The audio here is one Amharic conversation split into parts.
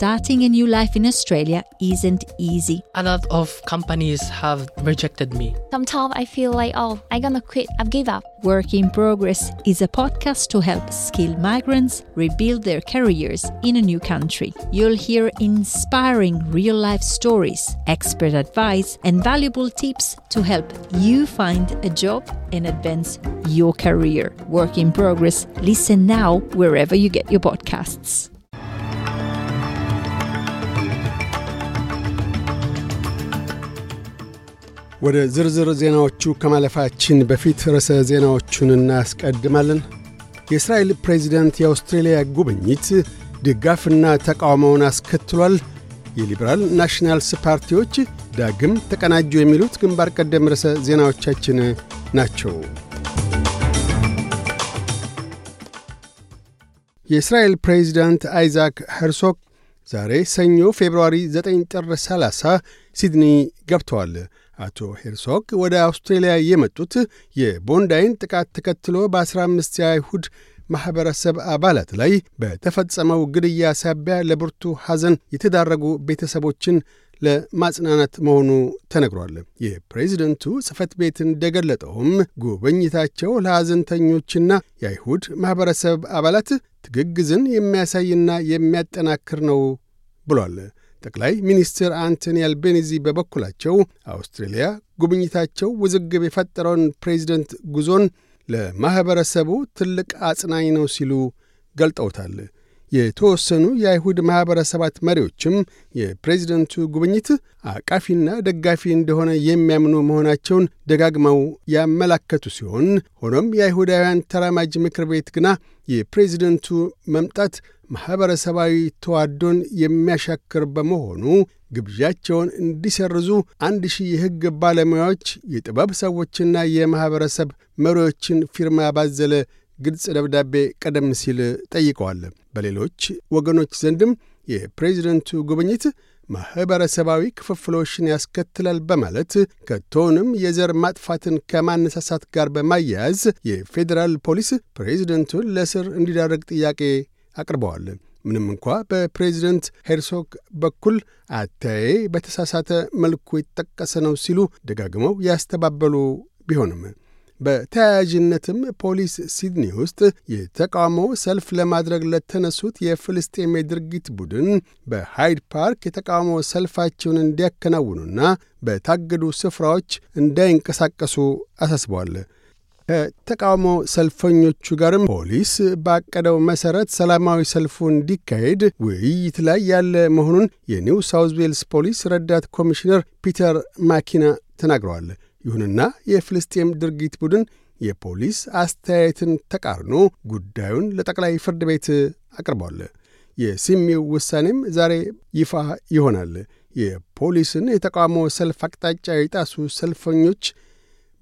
starting a new life in Australia isn't easy. A lot of companies have rejected me. Sometimes I feel like, oh, I'm gonna quit, I've given up. Work in Progress is a podcast to help skilled migrants rebuild their careers in a new country. You'll hear inspiring real life stories, expert advice, and valuable tips to help you find a job and advance your career. Work in Progress, listen now wherever you get your podcasts. ወደ ዝርዝር ዜናዎቹ ከማለፋችን በፊት ርዕሰ ዜናዎቹን እናስቀድማለን። የእስራኤል ፕሬዚደንት የአውስትሬልያ ጉብኝት ድጋፍና ተቃውሞውን አስከትሏል። የሊበራል ናሽናልስ ፓርቲዎች ዳግም ተቀናጁ የሚሉት ግንባር ቀደም ርዕሰ ዜናዎቻችን ናቸው። የእስራኤል ፕሬዚዳንት አይዛክ ሄርሶክ ዛሬ ሰኞ ፌብርዋሪ 9 ጥር 30 ሲድኒ ገብተዋል። አቶ ሄርሶግ ወደ አውስትሬልያ የመጡት የቦንዳይን ጥቃት ተከትሎ በ15 የአይሁድ ማኅበረሰብ አባላት ላይ በተፈጸመው ግድያ ሳቢያ ለብርቱ ሐዘን የተዳረጉ ቤተሰቦችን ለማጽናናት መሆኑ ተነግሯል። የፕሬዚደንቱ ጽሕፈት ቤት እንደገለጠውም ጉብኝታቸው ለሐዘንተኞችና የአይሁድ ማኅበረሰብ አባላት ትግግዝን የሚያሳይና የሚያጠናክር ነው ብሏል። ጠቅላይ ሚኒስትር አንቶኒ አልቤኒዚ በበኩላቸው አውስትሬልያ ጉብኝታቸው ውዝግብ የፈጠረውን ፕሬዚደንት ጉዞን ለማኅበረሰቡ ትልቅ አጽናኝ ነው ሲሉ ገልጠውታል። የተወሰኑ የአይሁድ ማኅበረሰባት መሪዎችም የፕሬዚደንቱ ጉብኝት አቃፊና ደጋፊ እንደሆነ የሚያምኑ መሆናቸውን ደጋግመው ያመላከቱ ሲሆን ሆኖም የአይሁዳውያን ተራማጅ ምክር ቤት ግና የፕሬዚደንቱ መምጣት ማኅበረሰባዊ ተዋዶን የሚያሻክር በመሆኑ ግብዣቸውን እንዲሰርዙ አንድ ሺህ የሕግ ባለሙያዎች፣ የጥበብ ሰዎችና የማኅበረሰብ መሪዎችን ፊርማ ባዘለ ግልጽ ደብዳቤ ቀደም ሲል ጠይቀዋል። በሌሎች ወገኖች ዘንድም የፕሬዚደንቱ ጉብኝት ማኅበረሰባዊ ክፍፍሎችን ያስከትላል በማለት ከቶንም የዘር ማጥፋትን ከማነሳሳት ጋር በማያያዝ የፌዴራል ፖሊስ ፕሬዚደንቱን ለእስር እንዲዳረግ ጥያቄ አቅርበዋል። ምንም እንኳ በፕሬዚደንት ሄርሶግ በኩል አተያዬ በተሳሳተ መልኩ የተጠቀሰ ነው ሲሉ ደጋግመው ያስተባበሉ ቢሆንም በተያያዥነትም ፖሊስ ሲድኒ ውስጥ የተቃውሞ ሰልፍ ለማድረግ ለተነሱት የፍልስጤም የድርጊት ቡድን በሃይድ ፓርክ የተቃውሞ ሰልፋቸውን እንዲያከናውኑና በታገዱ ስፍራዎች እንዳይንቀሳቀሱ አሳስቧል። ከተቃውሞ ሰልፈኞቹ ጋርም ፖሊስ ባቀደው መሠረት ሰላማዊ ሰልፉ እንዲካሄድ ውይይት ላይ ያለ መሆኑን የኒው ሳውዝ ዌልስ ፖሊስ ረዳት ኮሚሽነር ፒተር ማኪና ተናግረዋል። ይሁንና የፍልስጤም ድርጊት ቡድን የፖሊስ አስተያየትን ተቃርኖ ጉዳዩን ለጠቅላይ ፍርድ ቤት አቅርቧል። የሲሚው ውሳኔም ዛሬ ይፋ ይሆናል። የፖሊስን የተቃውሞ ሰልፍ አቅጣጫ የጣሱ ሰልፈኞች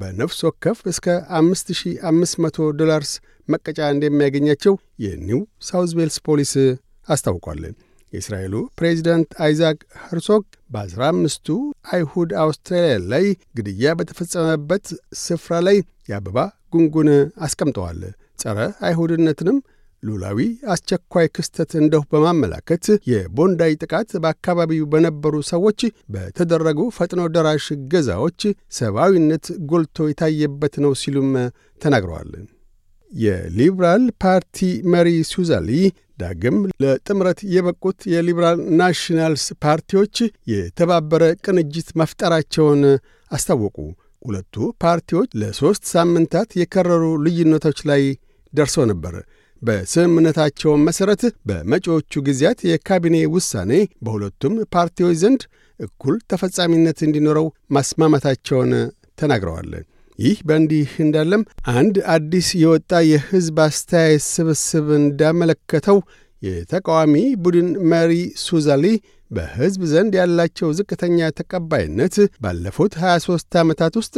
በነፍስ ወከፍ እስከ 5500 ዶላርስ መቀጫ እንደሚያገኛቸው የኒው ሳውዝ ዌልስ ፖሊስ አስታውቋል። የእስራኤሉ ፕሬዚዳንት አይዛክ ሄርሶግ በአስራ አምስቱ አይሁድ አውስትራሊያ ላይ ግድያ በተፈጸመበት ስፍራ ላይ የአበባ ጉንጉን አስቀምጠዋል። ጸረ አይሁድነትንም ሉላዊ አስቸኳይ ክስተት እንደሁ በማመላከት የቦንዳይ ጥቃት በአካባቢው በነበሩ ሰዎች በተደረጉ ፈጥኖ ደራሽ ገዛዎች ሰብአዊነት ጎልቶ የታየበት ነው ሲሉም ተናግረዋል። የሊብራል ፓርቲ መሪ ሱዛሊ ዳግም ለጥምረት የበቁት የሊበራል ናሽናልስ ፓርቲዎች የተባበረ ቅንጅት መፍጠራቸውን አስታወቁ። ሁለቱ ፓርቲዎች ለሦስት ሳምንታት የከረሩ ልዩነቶች ላይ ደርሶ ነበር። በስምምነታቸው መሠረት በመጪዎቹ ጊዜያት የካቢኔ ውሳኔ በሁለቱም ፓርቲዎች ዘንድ እኩል ተፈጻሚነት እንዲኖረው ማስማማታቸውን ተናግረዋል። ይህ በእንዲህ እንዳለም አንድ አዲስ የወጣ የሕዝብ አስተያየት ስብስብ እንዳመለከተው የተቃዋሚ ቡድን መሪ ሱዛሊ በሕዝብ ዘንድ ያላቸው ዝቅተኛ ተቀባይነት ባለፉት 23 ዓመታት ውስጥ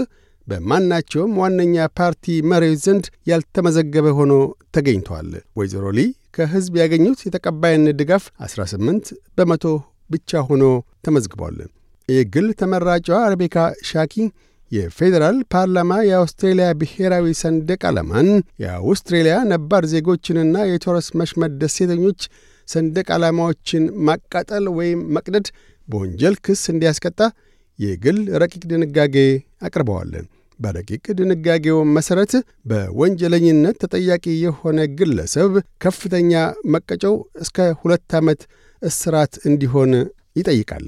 በማናቸውም ዋነኛ ፓርቲ መሪዎች ዘንድ ያልተመዘገበ ሆኖ ተገኝቷል። ወይዘሮ ሊ ከሕዝብ ያገኙት የተቀባይነት ድጋፍ 18 በመቶ ብቻ ሆኖ ተመዝግቧል። የግል ተመራጯ ሬቤካ ሻኪ የፌዴራል ፓርላማ የአውስትሬልያ ብሔራዊ ሰንደቅ ዓላማን የአውስትሬልያ ነባር ዜጎችንና የቶረስ መሽመድ ደሴተኞች ሰንደቅ ዓላማዎችን ማቃጠል ወይም መቅደድ በወንጀል ክስ እንዲያስቀጣ የግል ረቂቅ ድንጋጌ አቅርበዋል። በረቂቅ ድንጋጌው መሠረት በወንጀለኝነት ተጠያቂ የሆነ ግለሰብ ከፍተኛ መቀጮው እስከ ሁለት ዓመት እስራት እንዲሆን ይጠይቃል።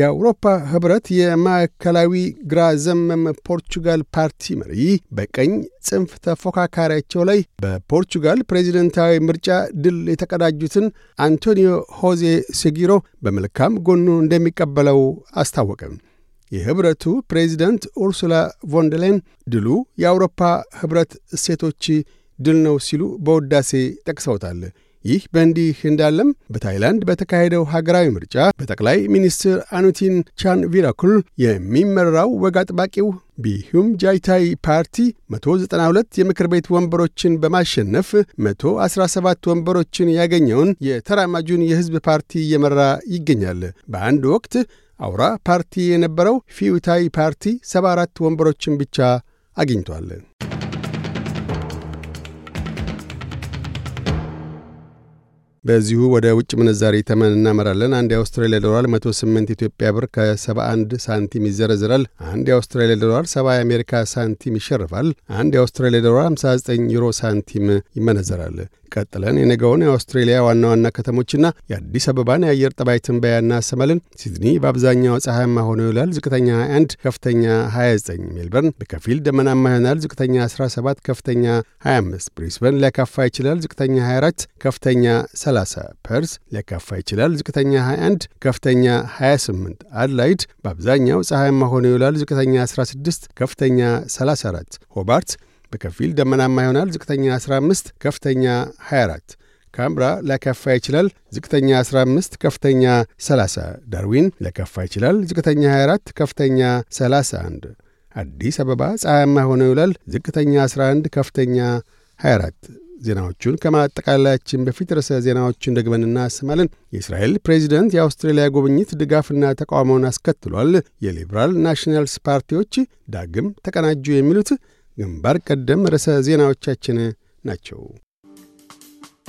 የአውሮፓ ህብረት የማዕከላዊ ግራ ዘመም ፖርቹጋል ፓርቲ መሪ በቀኝ ጽንፍ ተፎካካሪያቸው ላይ በፖርቹጋል ፕሬዚደንታዊ ምርጫ ድል የተቀዳጁትን አንቶኒዮ ሆዜ ሴጊሮ በመልካም ጎኑ እንደሚቀበለው አስታወቀም። የህብረቱ ፕሬዚደንት ኡርሱላ ቮንደሌን ድሉ የአውሮፓ ህብረት እሴቶች ድል ነው ሲሉ በውዳሴ ጠቅሰውታል። ይህ በእንዲህ እንዳለም በታይላንድ በተካሄደው ሀገራዊ ምርጫ በጠቅላይ ሚኒስትር አኑቲን ቻን ቪራኩል የሚመራው ወግ አጥባቂው ቢሁም ጃይታይ ፓርቲ 192 የምክር ቤት ወንበሮችን በማሸነፍ 117 ወንበሮችን ያገኘውን የተራማጁን የሕዝብ ፓርቲ እየመራ ይገኛል። በአንድ ወቅት አውራ ፓርቲ የነበረው ፊዩታይ ፓርቲ 74 ወንበሮችን ብቻ አግኝቷል። በዚሁ ወደ ውጭ ምንዛሪ ተመን እናመራለን። አንድ የአውስትራሊያ ዶላር 108 ኢትዮጵያ ብር ከ71 ሳንቲም ይዘረዝራል። አንድ የአውስትራሊያ ዶላር 70 የአሜሪካ ሳንቲም ይሸርፋል። አንድ የአውስትራሊያ ዶላር 59 ዩሮ ሳንቲም ይመነዘራል። ቀጥለን የነገውን የአውስትሬሊያ ዋና ዋና ከተሞችና የአዲስ አበባን የአየር ጠባይ ትንበያ እናሰማለን። ሲድኒ በአብዛኛው ፀሐያማ ሆኖ ይውላል። ዝቅተኛ 21፣ ከፍተኛ 29። ሜልበርን በከፊል ደመናማ ይሆናል። ዝቅተኛ 17፣ ከፍተኛ 25። ብሪስበን ሊያካፋ ይችላል። ዝቅተኛ 24፣ ከፍተኛ 30 ፐርስ ሊያካፋ ይችላል። ዝቅተኛ 21፣ ከፍተኛ 28። አድላይድ በአብዛኛው ፀሐያማ ሆኖ ይውላል። ዝቅተኛ 16፣ ከፍተኛ 34። ሆባርት በከፊል ደመናማ ይሆናል። ዝቅተኛ 15፣ ከፍተኛ 24። ካምብራ ሊያካፋ ይችላል። ዝቅተኛ 15 ከፍተኛ 30። ዳርዊን ሊያካፋ ይችላል። ዝቅተኛ 24 ከፍተኛ 31። አዲስ አበባ ፀሐያማ ሆኖ ይውላል። ዝቅተኛ 11 ከፍተኛ 24። ዜናዎቹን ከማጠቃለያችን በፊት ርዕሰ ዜናዎቹን ደግመን እናሰማለን። የእስራኤል ፕሬዚደንት የአውስትሬልያ ጉብኝት ድጋፍና ተቃውሞውን አስከትሏል። የሊበራል ናሽናልስ ፓርቲዎች ዳግም ተቀናጁ። የሚሉት ግንባር ቀደም ርዕሰ ዜናዎቻችን ናቸው።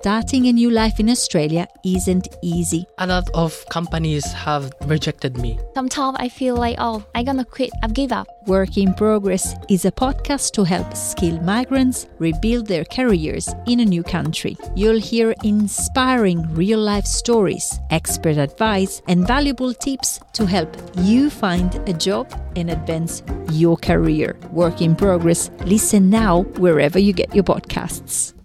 starting a new life in Australia isn't easy. A lot of companies have rejected me. Sometimes I feel like, oh, I'm gonna quit, I've give up. Work in Progress is a podcast to help skilled migrants rebuild their careers in a new country. You'll hear inspiring real life stories, expert advice, and valuable tips to help you find a job and advance your career. Work in Progress. Listen now wherever you get your podcasts.